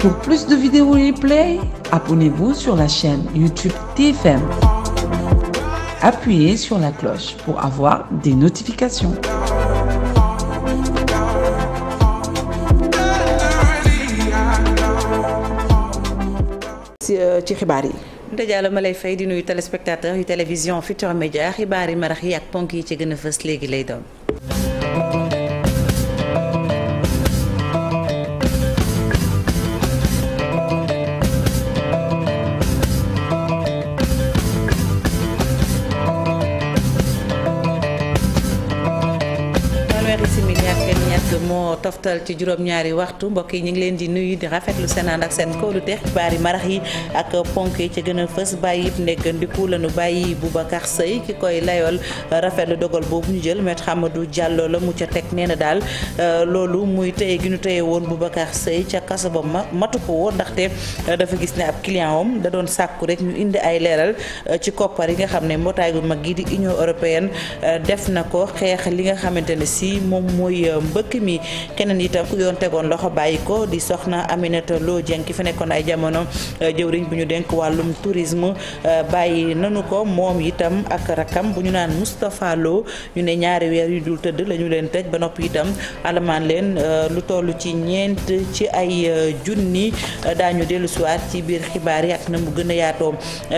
Pour plus de vidéos replay, abonnez-vous sur la chaîne YouTube TFM. Appuyez sur la cloche pour avoir des notifications. ci xibaar yi. Dajaala ma lay fay di nuyu téléspectateurs yu télévision Futurs média xibaar yi marax yi ak ponk yi ci gën a fës léegi lay doon. moo toftal ci juróom-ñaari waxtu mbokk yi ñu ngi leen di nuyu di rafetlu seen ànd ak seen kóolute xibaar yi marax yi ak ponk yi ci gën a fës bàyyi it ndéggandiku lañu bàyyi Boubacar Seye ki koy layool rafetlu dogal boobu la mu ca teg nee na daal euh, loolu muy tëye gi ñu tëye woon Boubacar Seye ca kaso ba matu ko woon ndaxte euh, dafa gis ne ab client am da doon sàkku rek ñu indi ay leeral euh, ci koppar yi nga xam ne mbootaay gu mag gi di Union européenne def na ko xeex li nga xamante ne si moom mooy mbëkk mi keneen itam ku yoon tegoon loxo bàyyi ko di soxna Aminata loo Dieng ki fa nekkoon ay jamono euh, jëwriñ bu ñu denk wàllum tourisme euh, bàyyi nanu ko moom itam ak rakam bu ñu naan Moustapha Lo ñu ne ñaari weer yu dul tëdd la leen tëj ba noppi itam alamaan leen euh, lu toll ci ñeent ci ay junni daañu dellu siwaat ci biir xibaar yi ak na mu gën a yaatoo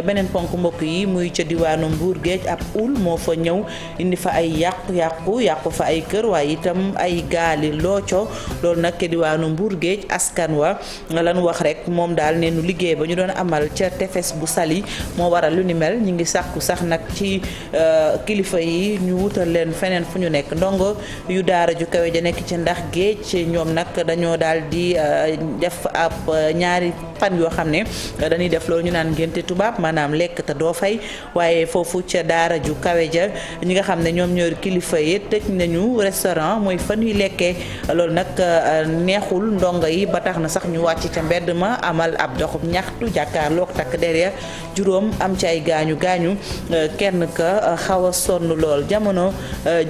beneen ponk mbokk yi muy ca diwaanu Mbuur Géej ab ul moo fa ñëw indi fa ay yàq yàqu yàqu fa ay kër waaye itam ay gaali Looco loolu nag ke diwaanu Mbour Géej askan wa lan wax rek moom daal neenu liggéey ba ñu doon amal ca tefes bu Saly moo waral lu ni mel ñu ngi sàkku sax nag ci euh, kilifa yi ñu wutal leen feneen fu ñu nekk ndongo yu daara ju kawe ja nekk ci ndax géej ñoom nag dañoo daal di euh, def ab euh, ñaari pan yoo xam ne dañuy def loolu ñu naan ngénte tubaab maanaam lekk te doo fay waaye foofu ca daara ju kawe ja ñi nga xam ne ñoom ñooy kilifa yi tëj nañu restaurant mooy fan yu lekkee loolu nag euh, neexul ndongo yi ba tax na sax ñu wàcc ca mbedd ma amal ab doxub ñaxtu jàkkaarloog takk derrière juróom am ci ay gaañu gaañu euh, kenn ka euh, xaw sonn lool jamono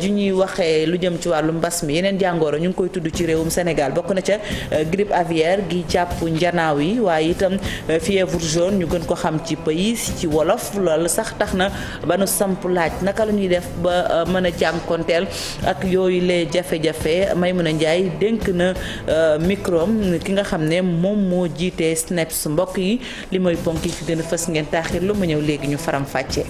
ji ñuy waxee lu jëm ci wàllu mbas mi yeneen jàngoro ñu ngi koy tudd ci réewum Sénégal bokk na ca grippe aviaire gi jàpp njanaaw yi waaye itam fièvre jaune ñu gën ko xam ci pays ci wolof lool sax tax na ba nu samp laaj naka la ñuy def ba mën a jànkonteel ak yooyu lee jafe-jafe may Maïmouna Ndiaye dénk na euh, microm ki nga xam ne moom moo jiitee SNEPS mbokk yi li mooy ponk yi fi gën a fës ngeen taaxir lu ma ñëw léegi ñu faram fàccee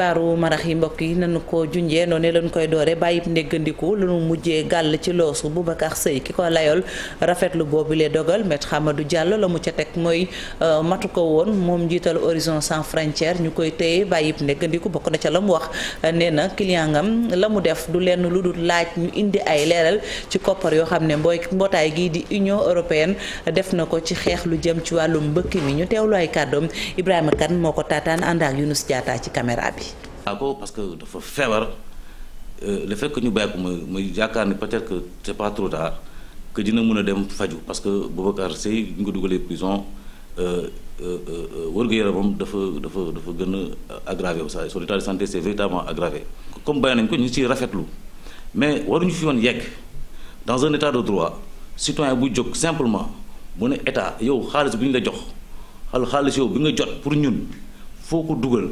xibaaru marax yi mbokk yi nanu ko junjee noonu lañu koy doore bàyyib ndéggandiku lu nu mujjee gàll ci loosu Boubacar Seye ki ko layool rafetlu boobu lee dogal maître Amadou Diallo la mu ca teg mooy euh, matu ko woon moom njiital Horizon Sans Frontières ñu koy téye bàyyib ndéggandiku bokk na ca la mu wax nee na client ngam la mu def du lenn lu dul laaj ñu indi ay leeral ci koppar yoo xam ne mbooy mbootaay gii di Union européenne def na ko ci xeex lu jëm ci wàllu mbëkk mi ñu teewlu ay Ibrahima Kane moo ko taataan ànd ak Younous Diatta ci caméra bi a ko parce que dafa feebar euh, le fait que ñu bàyyi ko muy muy yaakaar ni peut-être que c'est pas trop que dina mën a dem faju parce que Boubacar Sèye ñu ko dugalee prison euh, euh, wërgu-yaramam dafa dafa dafa gën a aggravé sa son état de santé c'est véritablement aggravé comme bàyyi nañ ko ñu ngi rafetlu mais waruñu fi woon yegg dans un état de droit citoyen bu jóg simplement mu ne état yow xaalis bi ñu la jox xal xaalis yow bi nga jot pour ñun foo ko dugal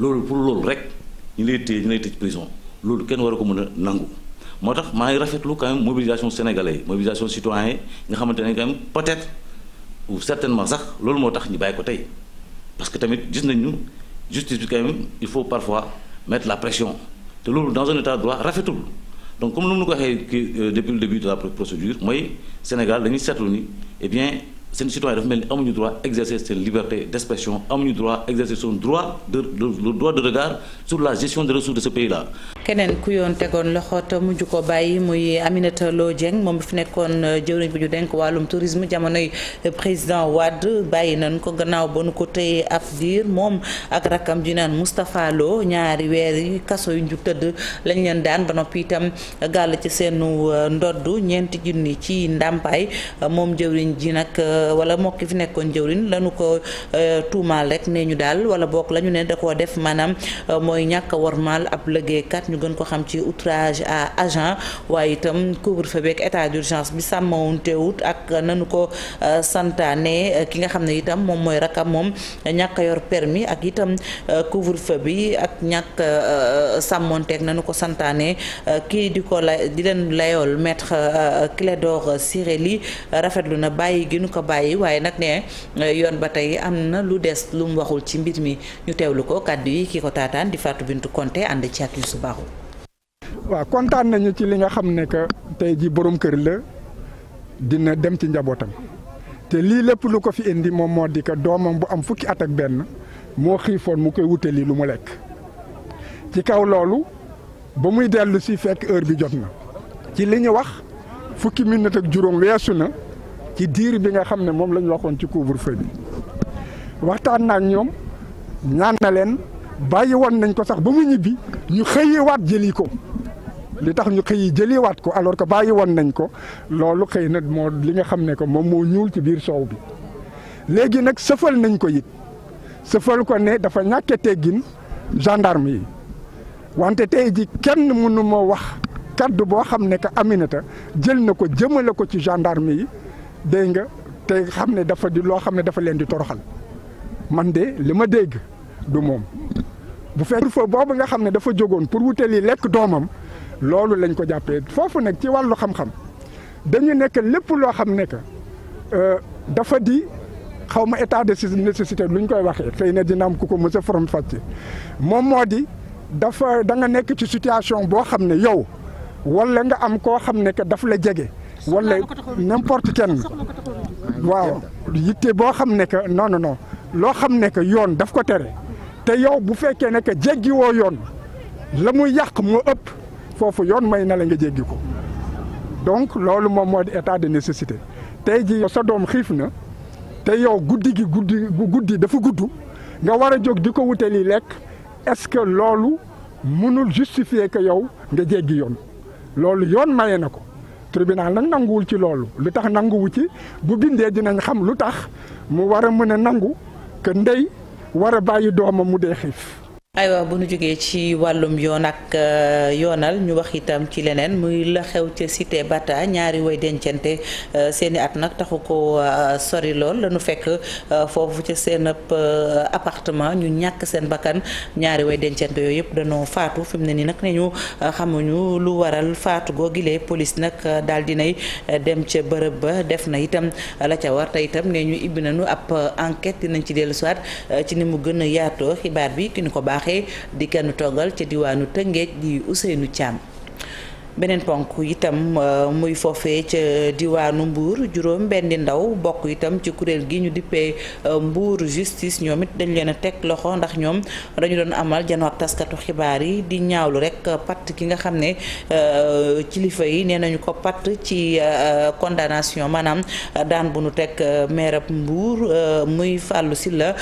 loolu pour loolu rek ñu lay téye ñu lay tëj prison loolu kenn war a ko mën a nangu moo tax maa ngi rafetlu quand même mobilisation sénégalais yi mobilisation citoyen yi nga xamante ne quand même peut-être ou certainement sax loolu moo tax ñu bàyyi ko tey parce que tamit gis nañu justice bi quand même il faut parfois mettre la pression te loolu dans un état droit rafetul donc comme nu mu ko waxee euh, depuis le début de la procédure mooy Sénégal dañuy seetlu ni eh bien seen citoyen dafa mel ni amuñu droit exercer seen liberté d'expression amuñu droit exercer son droit de le droit de regard sur la gestion des ressources de ce pays là. keneen ku yoon tegoon loxo te mujj ko bàyyi muy Aminata Lo Dieng moom fi nekkoon euh, jëwriñ bu ñu denk wàllum tourisme jamonoy euh, président Wade bàyyi nañ ko gannaaw ba nu ko téye ab diir moom ak rakkam ji naan Moustapha ñaari weer yi kaso yu ñu tëdd lañu leen daan ba noppi itam gàll ci seenu euh, ndodd ñeenti junni ci ndàmpaay wala mook ki fi nekkoon jëwriñ lañu ko euh, tuumaal rek nee ñu daal wala bokk la ñu ne da koo def maanaam euh, mooy ñàkk a wormaal ab liggéeykat ñu gën ko xam ci outrage agent waaye itam couvre-feu beeg état d'urgence bi sàmmawuntewut ak nanu ko euh, santaane ki nga xam ne itam moom mooy rakam moom ñàkk a yor permis ak itam couvre bi ak ñàkk sàmmonteeg nanu ko santaane kii di ko la di leen layool maître Clédor Ciré Ly rafetlu na bàyyi gi nu ko bàyyi waaye nag ne euh, yoon ba tey am na lu des lu mu waxul ci mbir mi ñu teewlu ko kàddu yi ki ko taataan di Fatou Bintou Konté ànd ci ak su Barou waaw kontaan nañu ci li nga xam ne que tey ji borom kër la dina dem ci njabootam te lii lépp lu ko fi indi moom moo di que doomam bu am fukki at ak benn moo xiifoon mu koy wutali lu mu lekk ci kaw loolu ba muy dellu si fekk heure bi jot na ci li ñu wax fukki minute ak juróom weesu na ci diir bi nga xam ne moom lañu waxoon ci couvre-feu bi waxtaan naa ñoom ñaan na leen bàyyi woon nañ ko sax ba mu ñibbi ñu xëyewaat jëli ko li tax ñu xëyi jëliwaat ko alors que bàyyi woon nañ ko loolu xëy na moo li nga xam ne ko moom moo ñuul ci biir soow bi léegi nag sëfal nañ ko yit sëfal ko ne dafa ñàkke teggin gendarme yi wante tey ji kenn mënu ma wax kaddu boo xam ne que Aminata jël na ko jëmale ko ci gendarme yi dégg nga te xam ne dafa di loo xam ne dafa leen di toroxal man de li ma dégg du moom bu fekkee fa boobu nga xam ne dafa jógoon pour wuteel yi lekk doomam loolu lañ ko jàppee foofu nag ci wàllu xam-xam dañu nekk lépp loo xam ne que euh, dafa di xaw ma état de nécessité lu ñu koy waxee xëy na dina am ku ko mës a forom fàcce moom moo di dafa da nga nekk ci situation boo xam ne yow wala nga am koo xam ne que daf la jege. wala n'importe kenn waaw yitte boo xam ne que non non non loo xam ne que yoon daf ko tere te yow bu fekkee ne jéggi woo yoon la muy yàq moo ëpp foofu yoon may na la nga jéggi ko donc loolu moom moo di état de nécessité tey ji sa doom xiif na te yow guddi gi guddi guddi dafa gudd nga war a jóg di ko wute li lekk est-ce que loolu mënul justifier que yow nga jéggi yoon loolu yoon maye na ko tribunal nag nanguwul ci loolu lu tax nanguwu ci bu bindee dinañ xam lu tax mu war a mën a nangu que ndey war a bàyyi doomam mu dee xiif aywa bu nu jógee ci wàllum yoon ak euh, yoonal ñu wax itam ci leneen muy la xew ca cité Bata ñaari way dencante euh, seeni at nag taxu ko euh, sori lool lañu fekk foofu ca seen appartement ñu ñàkk seen bakkan ñaari way dencante yooyu yëpp dañoo faatu fi mu ne nii nag ne ñu xamuñu lu waral faatu googilee police nag daal dinay dem ca bërëb ba def na itam la ca war te itam ne ñu ibbi nañu ab enquête dinañ ci dellusiwaat ci ni mu gën yaatoo xibaar bi ki ñu ko baax baaxee di kenn toggal ca diwaanu Tëngéej di Ousseynou Thiam. beneen ponk itam euh, muy foofee ca diwaanu Mbour juróom benni ndaw bokk itam ci kuréel gi ñu dippee euh, Mbour justice ñoom it dañ leen a teg loxo ndax ñoom dañu doon amal janoo ak taskatu xibaar yi di ñaawlu rek patt ki nga xam ne euh, kilifa yi nee nañu ko patt ci condamnation maanaam daan bu nu teg maire Mbour muy fàllu la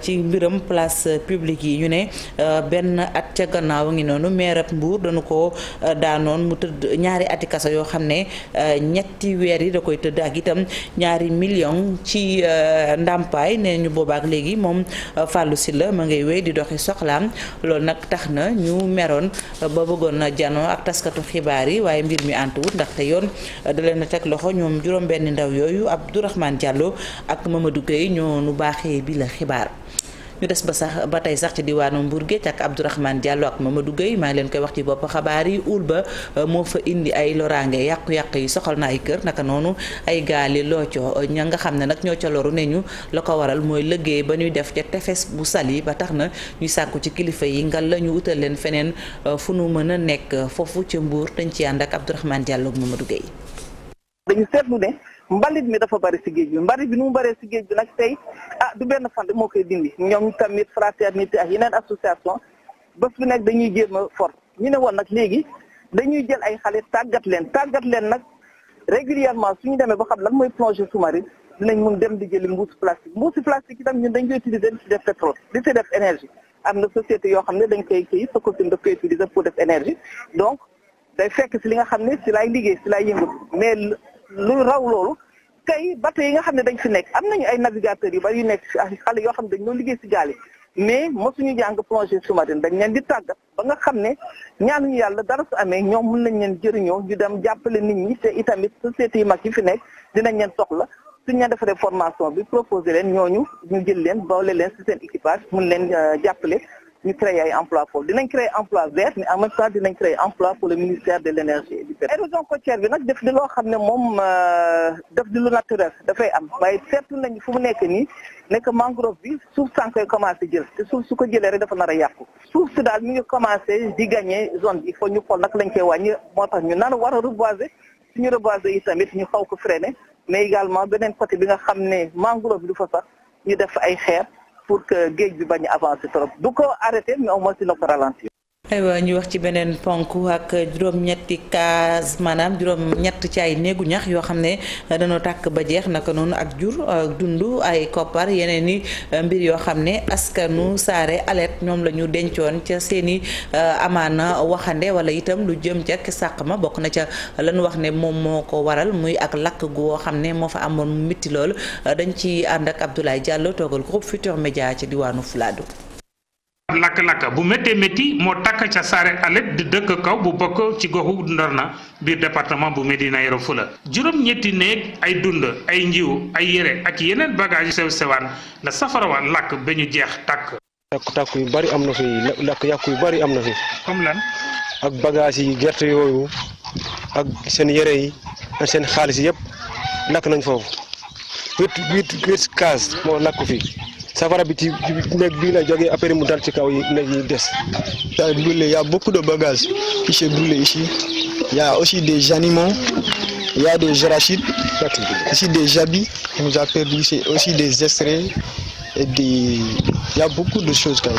ci mbiram place publique yi ñu ne benn at ca gannaaw ngi noonu maire Mbour dañu ko daanoon tëdd ñaari ati yoo xam ne euh, ñetti weer yi da koy tëdd ak itam ñaari million ci euh, ndàmpaay nee ñu boobaak léegi moom euh, Fallou la ma ngay wéy di doxi soxlaan loolu nag tax na ñu meroon ba bëggoon na janoo ak taskatu xibaar yi waaye mbir mi àntuwut ndaxte yoon da leen teg loxo ñoom juróom benn ndaw yooyu Abdourahmane Diallo ak Mamadou Gueye ñoo nu baaxee bi la xibaar ñu des ba sax ba tey sax ci diwaanu Mbour Géej ak Abdourahmane Diallo ak Mamadou Gueye maa ngi leen koy wax ci bopp xabaar yi ul ba euh, moo fa indi ay loraange yàqu yàq yi soxal na ay kër naka noonu ay gaali loo co euh, ña nga xam ne nag ñoo ca loru ne ñu la ko waral mooy liggéey ba ñuy def ca tefes bu sali ba tax na ñu sàkku ci kilifa yi ngal la ñu utal leen feneen euh, fu nu mën a nekk foofu ca Mbour dañ ci yànd ak Abdourahmane Diallo ak Mamadou Gueye dañu mbalit mi dafa bari si géej bi mbalit bi nu mu bëree si géej bi nag tey ah du benn fan moo koy dindi ñoom tamit fraternité ak yeneen association bés bu nekk dañuy jéem a fort ñu ne woon nag léegi dañuy jël ay xale tàggat leen tàggat leen nag régulièrement ñu demee ba xam lan mooy plongée sous-marine dinañ mun dem di jëli mbuusi plastique mbuusi plastique itam ñun dañ koy utiliser di ci def pétrole di ci def énergie am na société yoo xam ne dañ koy kii sa costume daf koy utiliser pour def énergie donc day fekk li nga xam ne laay liggéey si lu raw loolu tey bateau yi nga xam ne dañ fi nekk am nañu ay navigateurs yu bari yu nekk ay xale yoo xam ne dañ doon liggéey si gaal yi mais mosuñu jàng plongée sous-marine dañ leen di tàggat ba nga xam ne ñu yàlla dara su amee ñoom mun nañ leen jëriñoo ñu dem jàppale nit ñi te itamit sociétés yu mag yi fi nekk dinañ leen soxla suñ leen defaree formation bi proposé leen ñooñu ñu jël leen boole leen si seen équipage mun leen euh, jàppale ñu créer ay emploi foofu dinañ créer emploi vert mais en même temps dinañ créer emploi pour le ministère de l'énergie et du pétrole érosion côtière bi nag def di loo xam ne moom euh, def di lu naturel dafay am waaye seetlu nañ fu mu nekk nii nekk mangrove bi suuf saa koy commencé jël te suuf su ko jëlee rek dafa nar a yàqu suuf si daal mi ngi commencé di gagner zone bi il faut ñu xool nag lañ koy wàññi moo tax ñu nar a war a reboiser suñu reboiser yi tamit ñu xaw ko ne mais également beneen côté bi nga xam ne mangrove bi du fa sax ñu def ay xeer pour que géej bi bañ a avancer trop du ko arrêter mais au moins dina ko ralentir. aywa ñu wax ci beneen ponk ak juróom-ñetti kaas maanaam juróom-ñett ci ay néegu ñax yoo xam ne dañoo tàkk ba jeex naka noonu ak jur dund ay koppar yeneen i euh, mbir yoo xam ne askanu saare alerte ñoom la ñu dencoon ca seen i euh, amaana waxande wala itam lu jëm ca sàq ma bokk na ca lanu wax ne moom moo ko waral muy ak lakk gu woo xam ne moo fa amoon mitti lool dañ ci ànd ak Abdoulaye jàll toogal groupe Futur Média ci diwaanu Fuladu. lakk-lakk bu méttee métti moo takk ca saare alet di dëkk kaw bu bokk ci goxu Ndorna biir département bu Médina Yoro Foulah juróom-ñetti néeg ay dund ay njiw ay yére ak yeneen bagage yu sew sewaan la safara wa lakk ba ñu jeex tàkk tàkk tàkk yu bari am na fi lakk yàkk yu bari am na fi comme lan ak bagage yi gerte yooyu ak seen yére yi ak seen xaalis yëpp lakk nañ foofu huit huit huit case moo lakk fii safara bi ci néeg bii la jógee après mu dal ci kaw yi néeg yi des. Ça a brûlé. beaucoup de bagages qui se brûlent ici. Il y aussi des animaux, il y a des arachides, aussi des jabis, on nous a perdu, aussi des extraits et des... Il y a beaucoup de choses kay.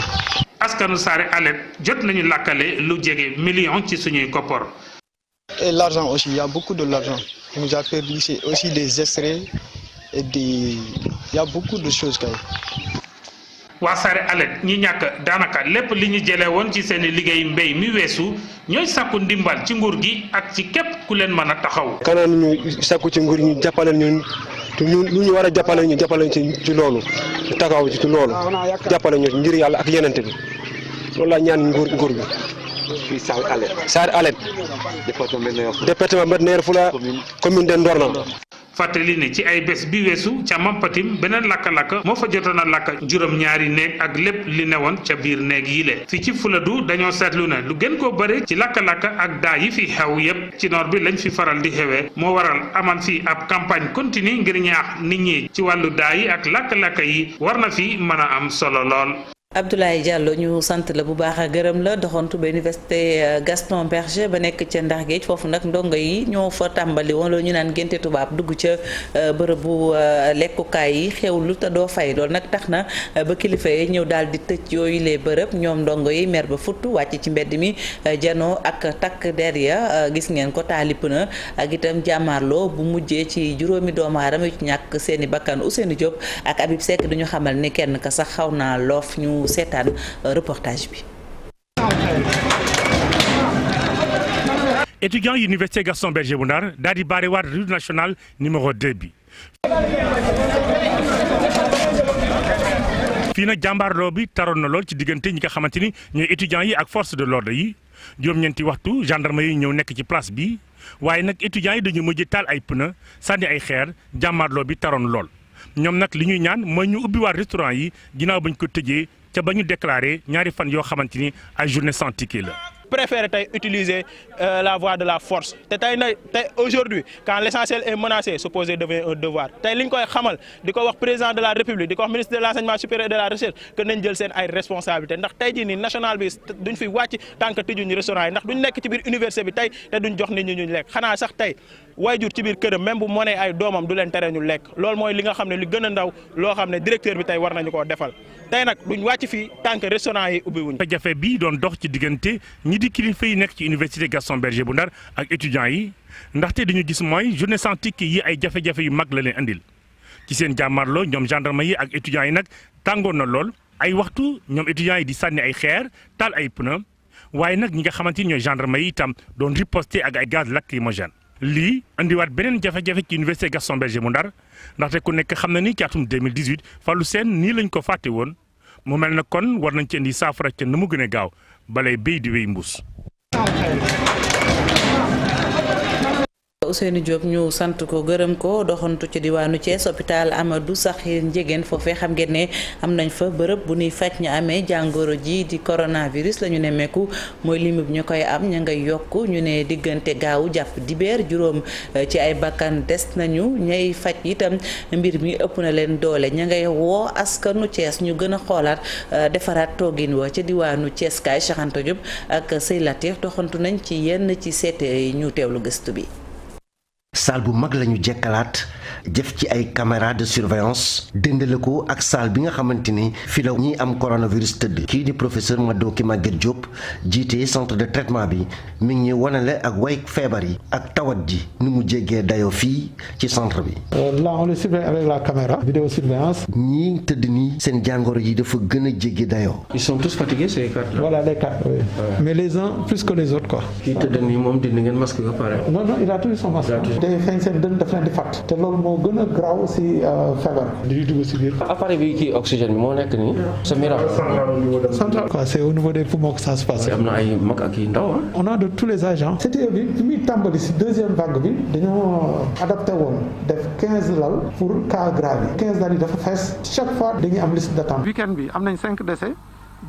askanu Saare Allet jot nañu lakkale lu jege millions ci suñuy koppar. Et l'argent aussi, yaa y a beaucoup de l'argent. On nous a perdu, c'est aussi des extraits et des il y a beaucoup waa Saare Allet ñi ñàkk daanaka lépp li ñu jële woon ci seen liggéeyu mbéy mi weesu ñooy sàkku ndimbal ci nguur gi ak ci képp ku leen mën a taxaw. kanaan ñu sàkku ci nguur ñu jàppale ñun ñu ñu war a jàppale ñu jàppale ci ci loolu taxaw ci loolu jàppale ñu ngir yàlla ak yenente bi loolu laa ñaan nguur nguur bi. fii Saare alet Saare Allet. département Médina Yoro Foulah commune de fàttali ne ci ay bés bi weesu ca Mampatim beneen lakka-lakka moo fa jotoon a lakka juróom-ñaari néeg ak lépp li woon ca biir néeg yi le fi ci du dañoo seetlu ne lu gën koo bëri ci lakka-lakka ak daa yi fi xew yépp ci noor bi lañ fi faral di xewee moo waral aman fi ab campagne continue ngir ñaax nit ñi ci wàllu daa yi ak lakka-lakka yi war na fi mën a am solo lool Abdoulaye Diallo ñu sant la bu baax a gërëm la doxantu ba université euh, Gaston Berger ba nekk ca Ndar Géej foofu nag ndongo yi ñoo fa tàmbali woon ñu naan ngénte tubaab dugg ca euh, bërëbu euh, lekkukaay yi xewlu te doo fay loolu nag tax na ba kilifa yi ñëw daal di tëj yooyu les bërëb ñoom ndongo yi mer ba futt wàcc ci mbedd mi janoo ak takk der ya gis ngeen ko taalip na ak itam jàmmaarloo bu mujjee ci juróomi doomu aadama yu ci ñàkk seen i bakkan Ousseynou Diop ak Habib Seck ni kenn sax xaw naa ñu seetaan euh, bi. étudiant yi université Gaston Berger bu Ndar daal di bari waat nationale numéro 2 bi. fii na jàmbaarloo bi taroon na lool ci diggante ñi nga xamante ni ñooy étudiants yi ak force de l'ordre yi juróom-ñeenti waxtu gendarme yi ñëw nekk ci place bi waaye nag étudiants yi dañu mujj taal ay pneu sànni ay xeer jàmbaarloo bi taroon lool ñoom nag li ñuy ñaan mooy ñu ubbiwaat restaurant yi ginnaaw bañ ko tëjee ca ba ñu déclaré ñaari fan yoo xamante ni ay journée sans ticket la. préféré tey utiliser euh, la voie de la force te tey na tey aujourd'hui quand l'essentiel est menacé s'opposer devient devoir tey li ñu koy xamal di ko wax président de la république di ko wax ministre de l'enseignement supérieur de la recherche que nañ jël seen ay responsabilité ndax tey jii nii national bi duñ fi wàcc tant que tëjuñu restaurant yi ndax duñ nekk ci biir université bi tey te duñ jox nit ñi ñu lekk waaye waajur ci biir këram même bu mënee ay doomam du leen tere ñu lekk lool mooy li nga xam ne li gën a ndaw loo xam ne directeur bi tey war nañu koo defal tey nag duñ wàcc fi tànk que restaurant yi ubbi wuñ jafe bii doon dox ci diggante ñi di kilifa yi nekk ci université Gaston Berger bu Ndar ak étudiants yi ndaxte dañu gis mooy journée sans ticket yi ay jafe-jafe yu mag la leen indil ci seen jàmmarloo ñoom gendarme yi ak étudiants yi nag tàngoon na lool ay waxtu ñoom étudiants yi di sànni ay xeer taal ay pneu waaye nag ñi nga xamante ni ñooy gendarme yi itam doon riposté ak ay gaz lacrymogène lii andiwaat beneen jafe-jafe ci université Gaston Berger mu ndar ndaxte ku nekk xam na ni caatum atum 2018 Fallou Sène nii lañ ko fàtte woon mu mel na kon war nañ ci indi saafara ca na mu gën a gaaw balay béy di wéy mbuus Ousseynou Diop ñu sant ko gërëm ko doxantu ci diwaanu Thiès hôpital Amadou Sakhir Ndiéguène foofee xam ngeen ne am nañ fa bërëb bu nuy faj ñu amee jàngoro ji di coronavirus la ñu ne mekku mooy limub ñu koy am ña ngay yokk ñu ne diggante gaawu jàpp dibeer juróom eh, ci ay bakkan des nañu ñay faj itam mbir mi ëpp na leen doole ña ngay woo askanu Thiès ñu gën a xoolaat eh, defaraat toogin wa ca diwaanu Thiès kaay Cheikh ak Sey Latif doxantu nañ ci yenn ci seete yi ñu gëstu bi salle bu mag la ñu jekkalaat jëf ci ay caméra de surveillance dëndale ko ak salle bi nga xamante ni fi la ñi am coronavirus tëdd kii di professeur Madoki Maguette Diop jiite centre de traitement bi mi ngi wanale ak way feebar yi ak tawat ji nu mu jéggee dayo fii ci centre bi. Euh, là on le surveille avec la caméra. vidéo surveillance. ñii tëdd nii seen jàngoro yi dafa gën a jéggi dayoo. ils sont tous fatigués ces quatre là. voilà mais les uns plus que les autres quoi. tëdd nii moom dindi ngeen masque ba pare. non non ngay xeeñ seen dënn daf leen di fàtt te loolu moo gën a graaw si euh, feebar di dugg si biir appareil bi kii oxygène bi moo nekk nii sa mira central quoi c'est au niveau des poumons que ça se passe na ay mag ak yi ndaw on a de tous les agents CTE bi fi muy tàmbali si deuxième vague bi dañoo euh, adapté woon def lal pour cas grave yi quinze lal yi dafa fees chaque fois dañuy am liste d'attente week-end bi am nañ cinq décès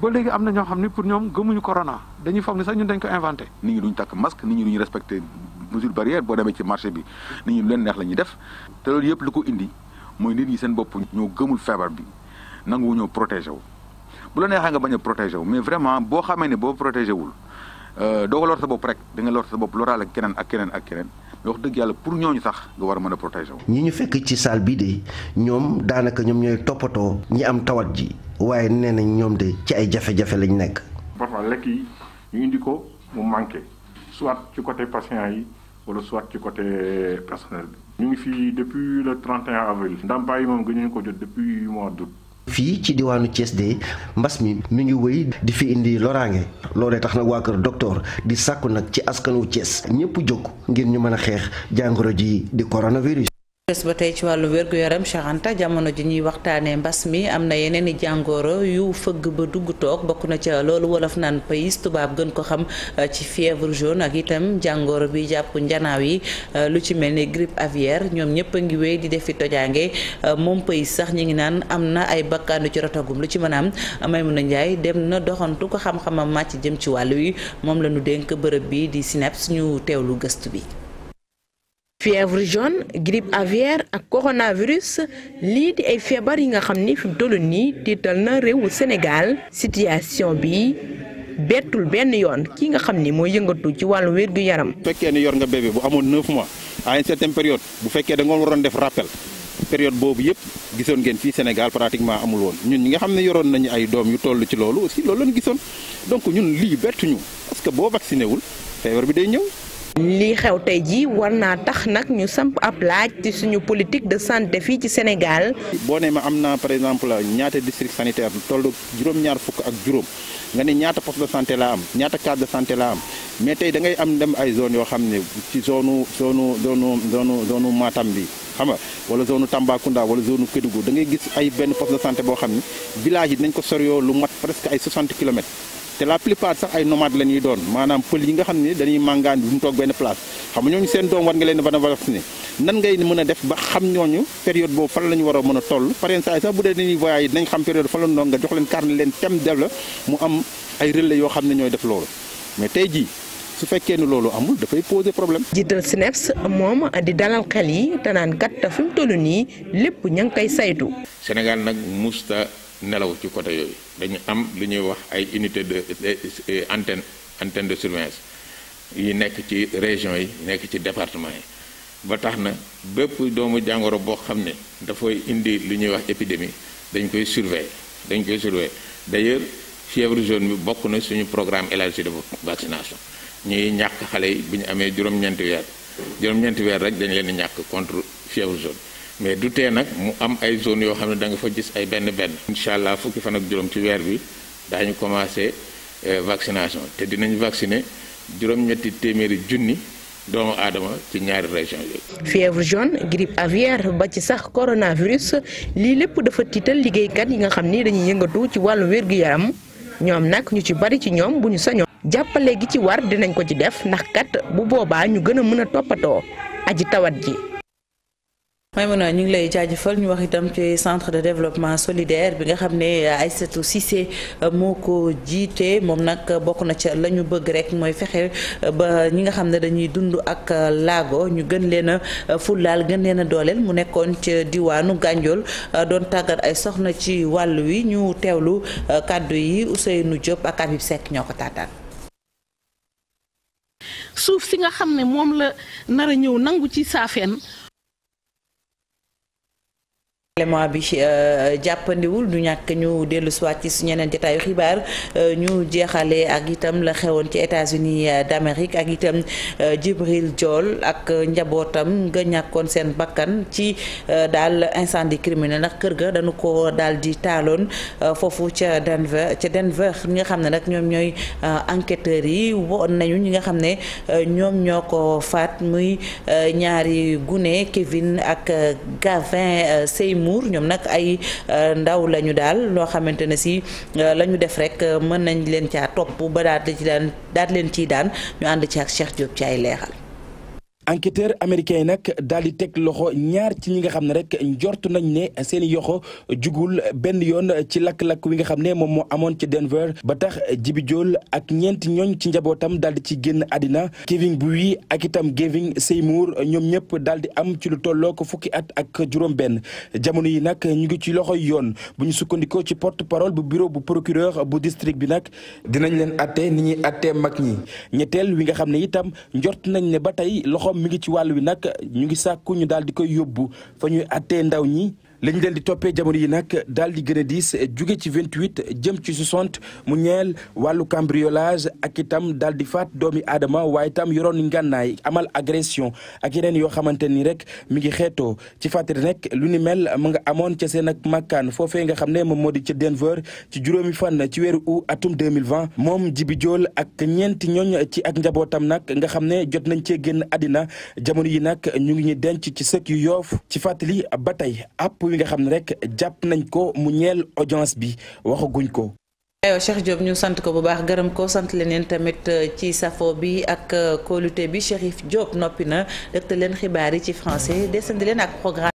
ba léegi am na ñoo xam ni pour ñoom gëmuñu corona dañuy foog ni sax ñun dañ ko inventé nit ñi duñ takk masque nit ñi duñ respecté mesure barrière boo demee ci marché bi nit ñi lu leen neex la ñuy def te loolu yëpp lu ko indi mooy nit ñi seen bopp ñoo gëmul feebar bi nanguwu ñoo protégé wu. bu la neexee nga bañ a mais vraiment boo xamee ne boo protégé wul euh, doo ko lor sa bopp rek da nga lor sa bopp loraal ak keneen ak keneen ak keneen. wax dëgg yàlla pour ñooñu sax nga war a mën a protéger wu. ñi ñu fekk ci salle bii de ñoom daanaka ñoom ñooy toppatoo ñi am tawat ji waaye nee nañ ñoom de ci ay jafe-jafe lañ nekk. parfois lekk yi ñu wala soit ci côté personnel bi. ñu ngi fi depuis le 31 avril. ndàmpaay yi moom gënuñu ko jot depuis mois d' fii ci diwaanu cees de mbas mi mi ngi wéy di fi indi loraange loolee tax na waa kër docteur di sàkku nag ci askanu cees ñëpp jóg ngir ñu mën a xeex jàngoro ji di coronavirus. ba tey ci wàllu wérgu yaram Cheikh jamono ji ñuy waxtaanee mbas mi am na yeneen i jàngoro yu fëgg ba dugg bokk na ca loolu wolof naan pays tubaab gën ko xam euh, ci fièvre jaune ak itam jàngoro bi jàpp njanaaw yi euh, lu ci mel ni grippe aviaire ñoom ñëpp a ngi wéy di defi tojaange euh, moom pays sax ñi ngi naan am na ay bakkaanu ci rotagum lu ci mën a am Maimouna Ndiaye dem na doxantu ko xam-xamam màcc jëm ci wàll wi moom la ñu dénk bërëb bi di SNEIPS ñu teewlu gëstu bi. fièvre jaune grippe aviaire ak coronavirus lii di ay feebar yi nga xam ni fi mu toll nii tiital na réewu Sénégal situation bi bettul benn yoon ki nga xam ni mooy yëngatu ci wàllu wér gu yaram. bu fekkee ne yor nga bébé bu amoon 9 mois à une certaine période bu fekkee da nga waroon def rappel période boobu yëpp gisoon ngeen fii Sénégal pratiquement amul woon ñun ñi nga xam ne yoroon nañu ay doom yu toll ci loolu aussi loolu lañu gisoon donc ñun lii parce que boo vacciné wul lii xew tey jii war naa tax nag ñu samp ab laaj ci suñu politique de santé fii ci Sénégal. boo nee ma am naa par exemple ñaata district sanitaire toll juróom-ñaar fukk ak juróom nga ne ñaata poste de santé laa am ñaata case de santé laa tey da ngay am dem ay zone yoo xam ne ci zone zone zone zone zone Matam bi. xam nga wala zone Tambacounda wala zone Kédougou da ngay gis ay benn poste de santé boo xam ne village yi dinañ ko sorio lu mat presque ay 60 kilomètres. te la plupart sax ay nomades la ñuy doon maanaam pël yi nga xam ne dañuy màngaan bi toog benn place xam nga ñooñu seen doom war nga leen van a vacciner nan ngay mën a def ba xam ñooñu période boobu fan la ñu war a mën a toll pareen saa yi sax bu dee dañuy voyage dinañ xam période fan la ñu doon nga jox leen carnet leen thème def mu am ay relais yoo xam ne ñooy def loolu mais tey jii su fekkee ne loolu amul dafay poser problème. jiital SNEIPS moom di dalal xel yi te naan kat fi mu toll nii lépp ña ngi koy saytu. Sénégal nag musta nelaw ci côté yooyu dañu am lu ñuy wax ay unité de antenne antenne de surveillance yi nekk ci région yi nekk ci département yi ba tax na bépp doomu jàngoro boo xam ne dafay indi lu ñuy wax épidémie dañ koy surveiller dañ koy surveiller d'ailleurs fièvre zone bi bokk na suñu programme élargi de vaccination ñuy ñàkk xale yi bu ñu amee juróom-ñeenti weer juróom-ñeenti weer rek dañ leen di ñàkk contre fièvre jaune mais du tee nag mu am ay zone yoo xam ne da nga fa gis ay benn benn. incha allah fukki fan ak juróom ci weer bi daañu commencé euh, vaccination te dinañ vacciner juróom-ñetti téeméeri junni doomu aadama ci ñaari région yooyu. fièvre jaune grippe aviaire ba ci sax coronavirus lii lépp dafa tiital liggéeykat yi nga xam ni dañuy yëngatu ci wàllu wér-gu-yaram ñoom nag ñu ci bari ci ñoom bu ñu sañoon. jàppale gi ci war dinañ ko ci def ndax kat bu boobaa ñu gën a mën a toppatoo aji tawat ji. Maïmouna ñu ngi lay jaajëfal ñu wax itam ci centre de développement solidaire bi xam ne Aïssatou Cissé euh, moo ko jiite moom nag bokk na ca la ñu bëgg rek mooy fexe euh, ba ñi nga xam ne dañuy dund ak euh, laago ñu gën leen a fullaal gën leen a dooleel mu nekkoon ca diwaanu Gànjool doon tàggat ay soxna ci wàll wi ñu teewlu kàddu yi Ousseynou Diop ak Habib Seck nga xam ne ñëw nangu ci saafeen élément bi euh, jàppandiwul du ñàkk ñu dellu siwaat ci su ñeneen jataayu xibaar euh, ñu jeexale ak itam la xewoon ci États-Unis euh, d'Amérique ak itam Jibril Jool ak njabootam nga ñàkkoon seen bakkan ci daal incendie criminel ndax kër ga dañu ko daal di taaloon foofu ca Denver ca Denver ñi nga xam ne nag ñoom ñooy enquêteurs yi nañu ñi nga xam ne ñoom ñoo ko faat muy ñaari gune Kevin ak Gavin Seymour Mour ñoom nag ay euh, ndaw la ñu daal loo xamante ne si euh, la ñu def rek mën nañ leen caa topp ba daal di ci daan leen ciy daan ñu ànd ci ak Cheikh Diop ci ay leexal enquêteur américain yi nag daal di teg loxo ñaar ci ñi nga xam ne rek njort nañ ne seen yoxo jugul benn yoon ci lakk-lakk wi nga xam ne moom moo amoon ci Denver ba tax Jibi Jool ak ñeenti ñooñ ci njabootam daal di ci génn àddina bu wii ak itam Gavin Seymour ñoom ñëpp daal di am ci lu tolloo ko fukki at ak juróom-benn jamono yi nag ñu ngi ci loxo yi yoon bu ñu sukkandikoo ci porte parole bu bureau bu procureur bu district bi nag dinañ leen atte ni ñuy attee mag ñi ñetteel nga xam ne itam njort nañ ne ba tey mi ngi ci wàll wi nag ñu ngi sàkku ñu daal di koy yóbbu fa ñuy attee ndaw ñi lañ del di toppee jamono yi nag daal di gën a diis jóge ci 28 jëm ci 60 mu ñeel wàllu cambriolage ak itam daal di faat doomi aadama waaye itam yoroon ngànnaay amal agression ak yeneen yoo xamante ni rek mi ngi xeetoo ci fàttali nag lu ni mel mu nga amoon ca seen ak foofe nga xam ne moom moo di ca Denver ci juróomi fan ci weeru août atum 2020 moom Jibi Jool ak ñeenti ñooñ ci ak njabootam nag nga xam ne jot nañ cee génn àddina jamono yi nag ñu ngi ñu denc ci sëkk yu ci fàttali ba tey li nga xam ne rek jàpp nañ ko mu ñel audience bi waxaguñ ko. aywa Cheikh Diop ñu sant ko bu baax gërëm ko sant leneen tamit euh, ci safo bi ak euh, kóolute bi Chérif Diop noppi na dëkk leen xibaar yi ci français desandi leen ak programme.